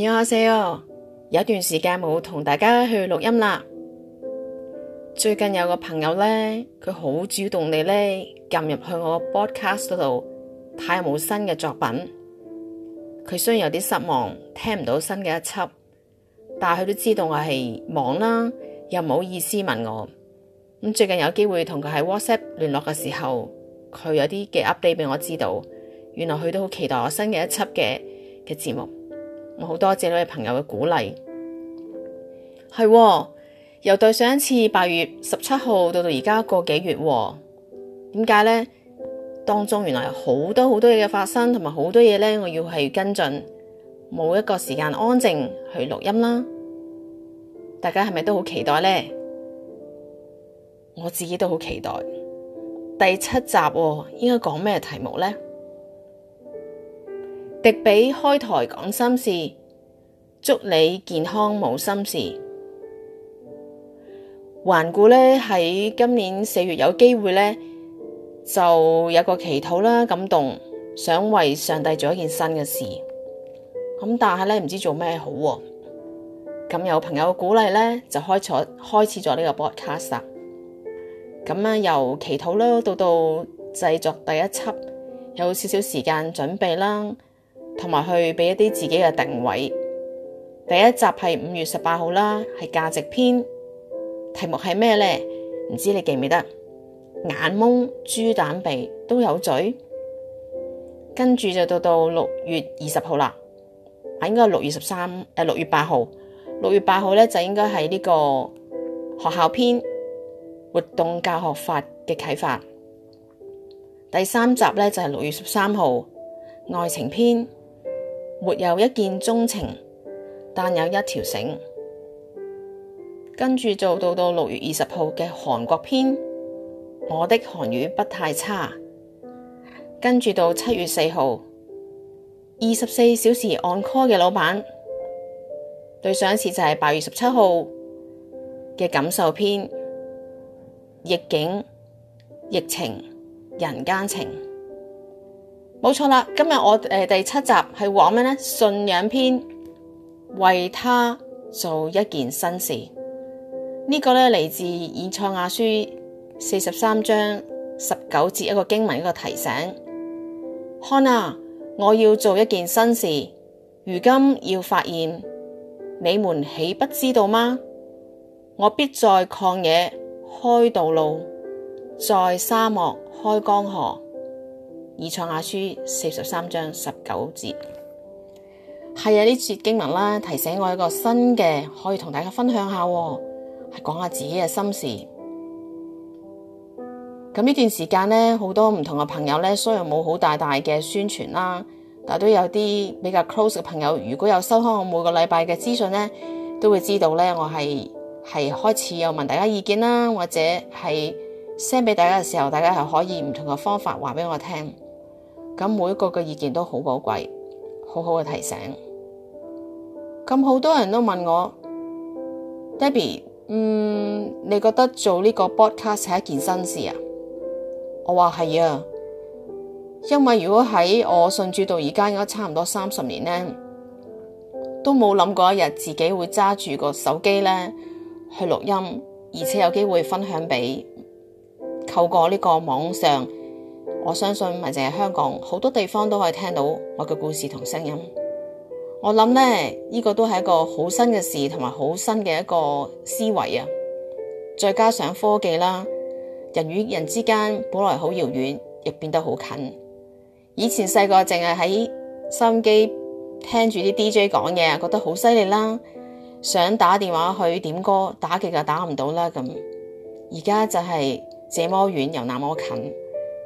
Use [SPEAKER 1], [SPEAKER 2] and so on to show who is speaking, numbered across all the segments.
[SPEAKER 1] 又要下線哦，有一段時間冇同大家去錄音啦。最近有個朋友呢，佢好主動地呢，撳入去我 broadcast 嗰度睇下有冇新嘅作品。佢雖然有啲失望，聽唔到新嘅一輯，但係佢都知道我係忙啦，又唔好意思問我咁。最近有機會同佢喺 WhatsApp 聯絡嘅時候，佢有啲嘅 update 俾我知道，原來佢都好期待我新嘅一輯嘅嘅節目。我好多謝你朋友嘅鼓勵，係由對上一次八月十七號到到而家個幾月，點解呢？當中原來有好多好多嘢嘅發生，同埋好多嘢呢，我要係跟進，冇一個時間安靜去錄音啦。大家係咪都好期待呢？我自己都好期待。第七集哦，應該講咩題目呢？迪比開台講心事，祝你健康冇心事。環顧咧喺今年四月有機會咧，就有個祈禱啦，感動想為上帝做一件新嘅事。咁但係咧唔知做咩好喎、啊。咁有朋友鼓勵咧，就開咗開始咗呢個 broadcast。咁啊，由祈禱啦到到製作第一輯，有少少時間準備啦。同埋去俾一啲自己嘅定位。第一集係五月十八號啦，係價值篇，題目係咩呢？唔知你記唔記得？眼蒙豬膽鼻都有嘴，跟住就到到六月二十號啦，啊應該係六月十三誒六月八號，六月八號咧就應該係呢個學校篇活動教學法嘅啟發。第三集咧就係、是、六月十三號，愛情篇。沒有一見鍾情，但有一條繩。跟住做到到六月二十號嘅韓國篇，我的韓語不太差。跟住到七月四號，二十四小時 on call 嘅老闆。對上一次就係八月十七號嘅感受篇，逆境、疫情、人間情。冇錯啦，今日我誒、呃、第七集係講咩咧？信仰篇，為他做一件新事。這個、呢個咧嚟自以賽亞書四十三章十九節一個經文一個提醒。看啊，我要做一件新事，如今要發現你們豈不知道嗎？我必在曠野開道路，在沙漠開江河。以賽亞書四十三章十九節係啊，呢節經文啦，提醒我一個新嘅，可以同大家分享下，係講下自己嘅心事。咁呢段時間呢，好多唔同嘅朋友呢，雖然冇好大大嘅宣傳啦，但都有啲比較 close 嘅朋友。如果有收開我每個禮拜嘅資訊呢，都會知道呢，我係係開始有問大家意見啦，或者係 send 俾大家嘅時候，大家係可以唔同嘅方法話俾我聽。咁每一個嘅意見都好寶貴，好好嘅提醒。咁好多人都問我，Debbie，嗯，你覺得做呢個 broadcast 係一件新事啊？我話係啊，因為如果喺我信主到而家應該差唔多三十年咧，都冇諗過一日自己會揸住個手機咧去錄音，而且有機會分享俾透過呢個網上。我相信咪淨係香港，好多地方都可以聽到我嘅故事同聲音。我諗呢，呢、呢個都係一個好新嘅事同埋好新嘅一個思維啊！再加上科技啦，人與人之間本來好遙遠，亦變得好近。以前細個淨係喺收音機聽住啲 DJ 講嘢，覺得好犀利啦。想打電話去點歌，打極就打唔到啦咁。而家就係這麼遠又那麼近。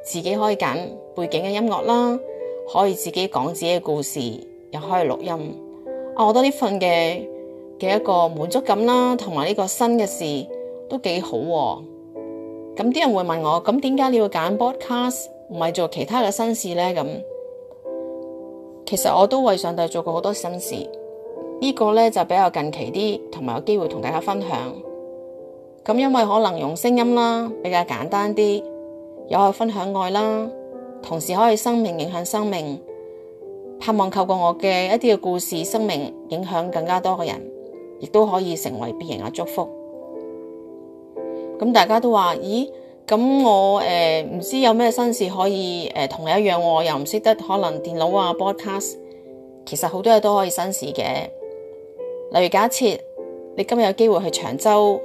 [SPEAKER 1] 自己可以揀背景嘅音樂啦，可以自己講自己嘅故事，又可以錄音。啊，我覺得呢份嘅嘅一個滿足感啦，同埋呢個新嘅事都幾好啊。咁啲人會問我，「咁點解你要揀 podcast 唔係做其他嘅新事呢？」咁其實我都為上帝做過好多新事，呢個呢就比較近期啲，同埋有機會同大家分享。咁因為可能用聲音啦，比較簡單啲。有可以分享愛啦，同時可以生命影響生命，盼望透過我嘅一啲嘅故事，生命影響更加多嘅人，亦都可以成為別人嘅祝福。咁大家都話：咦，咁我誒唔、呃、知有咩新事可以誒、呃、同你一樣喎？我又唔識得可能電腦啊、broadcast，其實好多嘢都可以新事嘅。例如假設你今日有機會去長洲。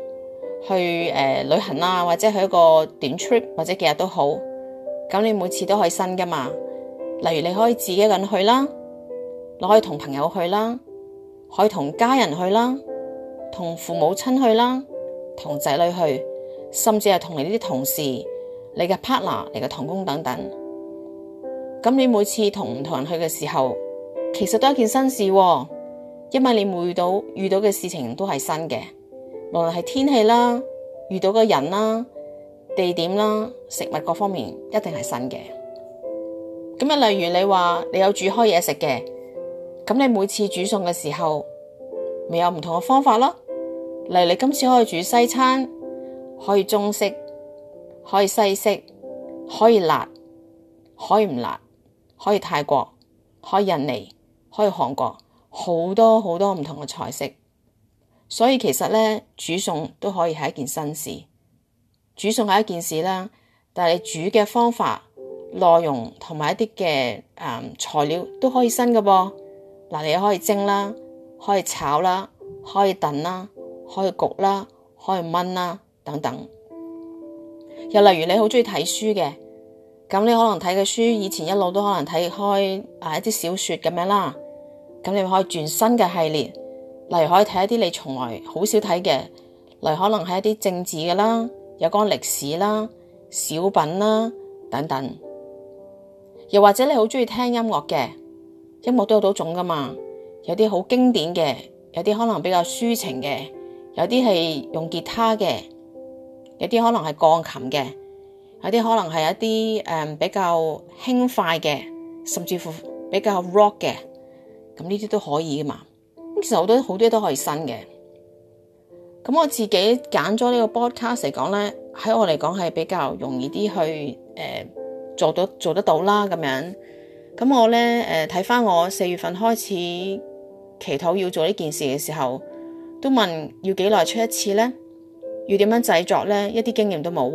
[SPEAKER 1] 去誒、呃、旅行啊，或者去一個短 trip，或者幾日都好。咁你每次都可以新噶嘛？例如你可以自己一個人去啦，你可以同朋友去啦，可以同家人去啦，同父母親去啦，同仔女去，甚至係同你呢啲同事、你嘅 partner、你嘅同工等等。咁你每次同唔同人去嘅時候，其實都係一件新事，啊，因為你每到遇到嘅事情都係新嘅。無論係天氣啦、遇到嘅人啦、地點啦、食物各方面，一定係新嘅。咁啊，例如你話你有煮開嘢食嘅，咁你每次煮餸嘅時候，咪有唔同嘅方法咯。例如你今次可以煮西餐，可以中式，可以西式，可以辣，可以唔辣，可以泰國，可以印尼，可以韓國，好多好多唔同嘅菜式。所以其實咧，煮餸都可以係一件新事。煮餸係一件事啦，但係你煮嘅方法、內容同埋一啲嘅、嗯、材料都可以新嘅噃。嗱，你可以蒸啦，可以炒啦，可以燉啦，可以焗啦，可以燜啦，等等。又例如你好中意睇書嘅，咁你可能睇嘅書以前一路都可能睇開誒一啲小説咁樣啦，咁你可以轉新嘅系列。例如可以睇一啲你從來好少睇嘅，例如可能係一啲政治嘅啦，有關歷史啦、小品啦等等。又或者你好中意聽音樂嘅，音樂都有好多種噶嘛，有啲好經典嘅，有啲可能比較抒情嘅，有啲係用吉他嘅，有啲可能係鋼琴嘅，有啲可能係一啲誒、嗯、比較輕快嘅，甚至乎比較 rock 嘅，咁呢啲都可以噶嘛。其實好多好多都可以新嘅，咁我自己揀咗呢個 broadcast 嚟講呢，喺我嚟講係比較容易啲去誒、呃、做到做得到啦咁樣。咁我呢，誒睇翻我四月份開始祈禱要做呢件事嘅時候，都問要幾耐出一次呢？要點樣製作呢？一啲經驗都冇。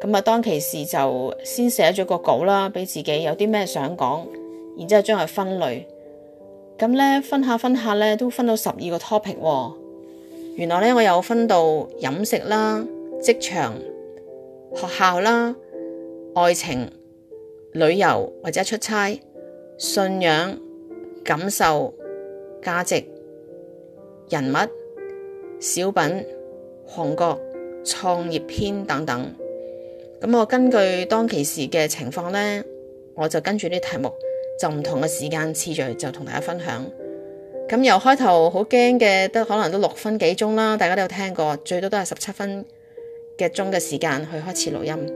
[SPEAKER 1] 咁啊，當其時就先寫咗個稿啦，俾自己有啲咩想講，然之後將佢分類。咁咧，分下分下咧，都分到十二個 topic 喎、哦。原來咧，我有分到飲食啦、職場、學校啦、愛情、旅遊或者出差、信仰、感受、價值、人物、小品、韓國、創業篇等等。咁我根據當其時嘅情況咧，我就跟住啲題目。就唔同嘅時間次序，就同大家分享。咁由開頭好驚嘅，都可能都六分幾鐘啦，大家都有聽過，最多都係十七分嘅鐘嘅時間去開始錄音。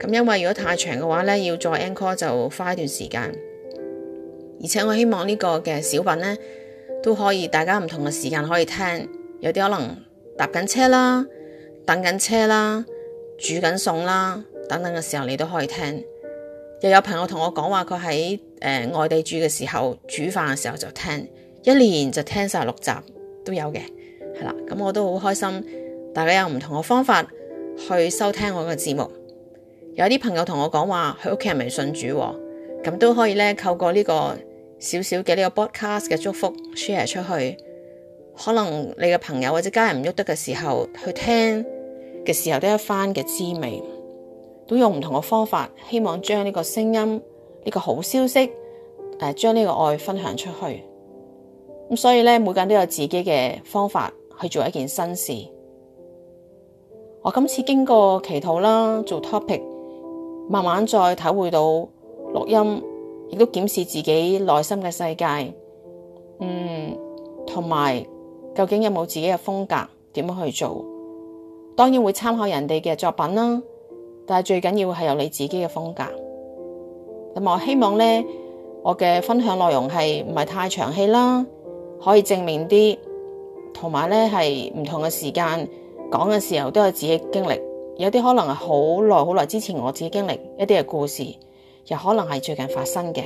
[SPEAKER 1] 咁因為如果太長嘅話呢，要再 encore 就花一段時間。而且我希望呢個嘅小品呢，都可以大家唔同嘅時間可以聽，有啲可能搭緊車啦、等緊車啦、煮緊餸啦等等嘅時候，你都可以聽。又有朋友同我講話，佢喺誒外地住嘅時候，煮飯嘅時候就聽，一年就聽十六集都有嘅，係啦。咁我都好開心，大家有唔同嘅方法去收聽我嘅節目。有啲朋友同我講話，佢屋企人未信主，哦，咁都可以咧，透過呢個少少嘅呢個 broadcast 嘅祝福 share 出去，可能你嘅朋友或者家人唔喐得嘅時候去聽嘅時候，都有一番嘅滋味。都用唔同嘅方法，希望將呢個聲音、呢個好消息，誒，將呢個愛分享出去。咁所以咧，每個人都有自己嘅方法去做一件新事。我今次經過祈禱啦，做 topic，慢慢再體會到錄音，亦都檢視自己內心嘅世界。嗯，同埋究竟有冇自己嘅風格？點樣去做？當然會參考人哋嘅作品啦。但係最緊要係有你自己嘅風格，咁啊我希望呢，我嘅分享內容係唔係太長氣啦，可以正面啲，同埋呢係唔同嘅時間講嘅時候都有自己經歷，有啲可能係好耐好耐之前我自己經歷，一啲嘅故事，又可能係最近發生嘅，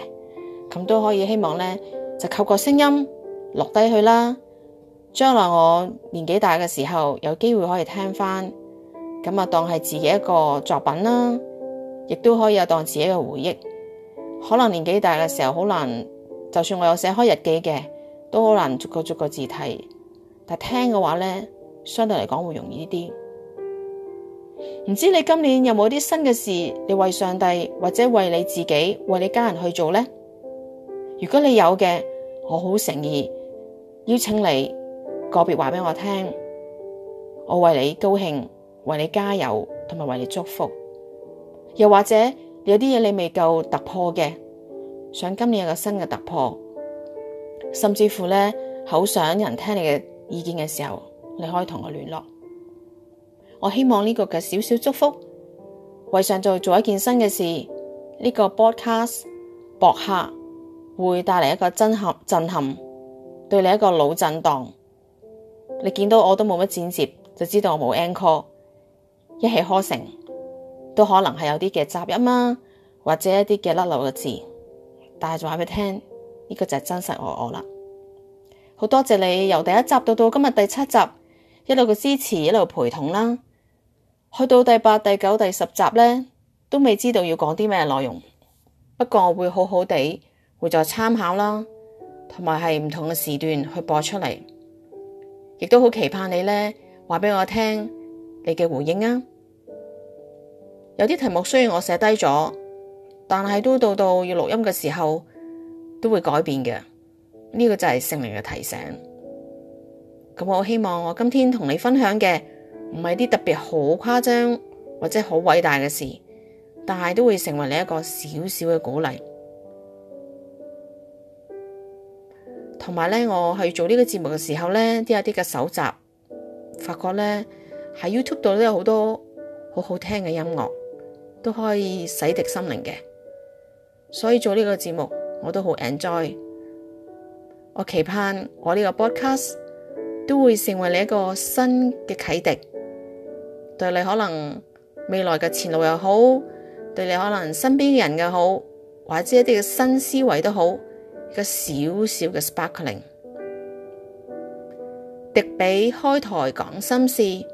[SPEAKER 1] 咁都可以希望呢，就扣個聲音落低去啦，將來我年紀大嘅時候，有機會可以聽翻。咁啊，當係自己一個作品啦，亦都可以啊，當自己嘅回憶。可能年紀大嘅時候好難，就算我有寫開日記嘅，都好難逐個逐個字睇。但係聽嘅話咧，相對嚟講會容易啲。唔知你今年有冇啲新嘅事，你為上帝或者為你自己、為你家人去做呢？如果你有嘅，我好誠意邀請你個別話俾我聽，我為你高興。為你加油，同埋為你祝福。又或者有啲嘢你未夠突破嘅，想今年有個新嘅突破，甚至乎咧，好想人聽你嘅意見嘅時候，你可以同我聯絡。我希望呢個嘅少少祝福，為上做做一件新嘅事。呢、呢個 podcast 博客會帶嚟一個震撼震撼，對你一個腦震盪。你見到我都冇乜剪接，就知道我冇 anchor。一氣呵成，都可能係有啲嘅雜音啊，或者一啲嘅甩漏嘅字，但係就話俾你聽，呢個就係真實我我啦。好多謝你由第一集到到今日第七集一路嘅支持，一路陪同啦，去到第八、第九、第十集呢，都未知道要講啲咩內容，不過我會好好地會再參考啦，同埋係唔同嘅時段去播出嚟，亦都好期盼你呢話俾我聽。你嘅回應啊，有啲題目雖然我寫低咗，但係都到到要錄音嘅時候都會改變嘅。呢個就係聖靈嘅提醒。咁我希望我今天同你分享嘅唔係啲特別好誇張或者好偉大嘅事，但係都會成為你一個小小嘅鼓勵。同埋呢，我去做呢個節目嘅時候呢，啲一啲嘅搜集，發覺呢。喺 YouTube 度都有好多好好聽嘅音樂，都可以洗滌心靈嘅。所以做呢個節目我都好 enjoy。我期盼我呢個 podcast 都會成為你一個新嘅啟迪，對你可能未來嘅前路又好，對你可能身邊嘅人又好，或者一啲嘅新思維都好一個。少少嘅 sparkling，迪比開台講心事。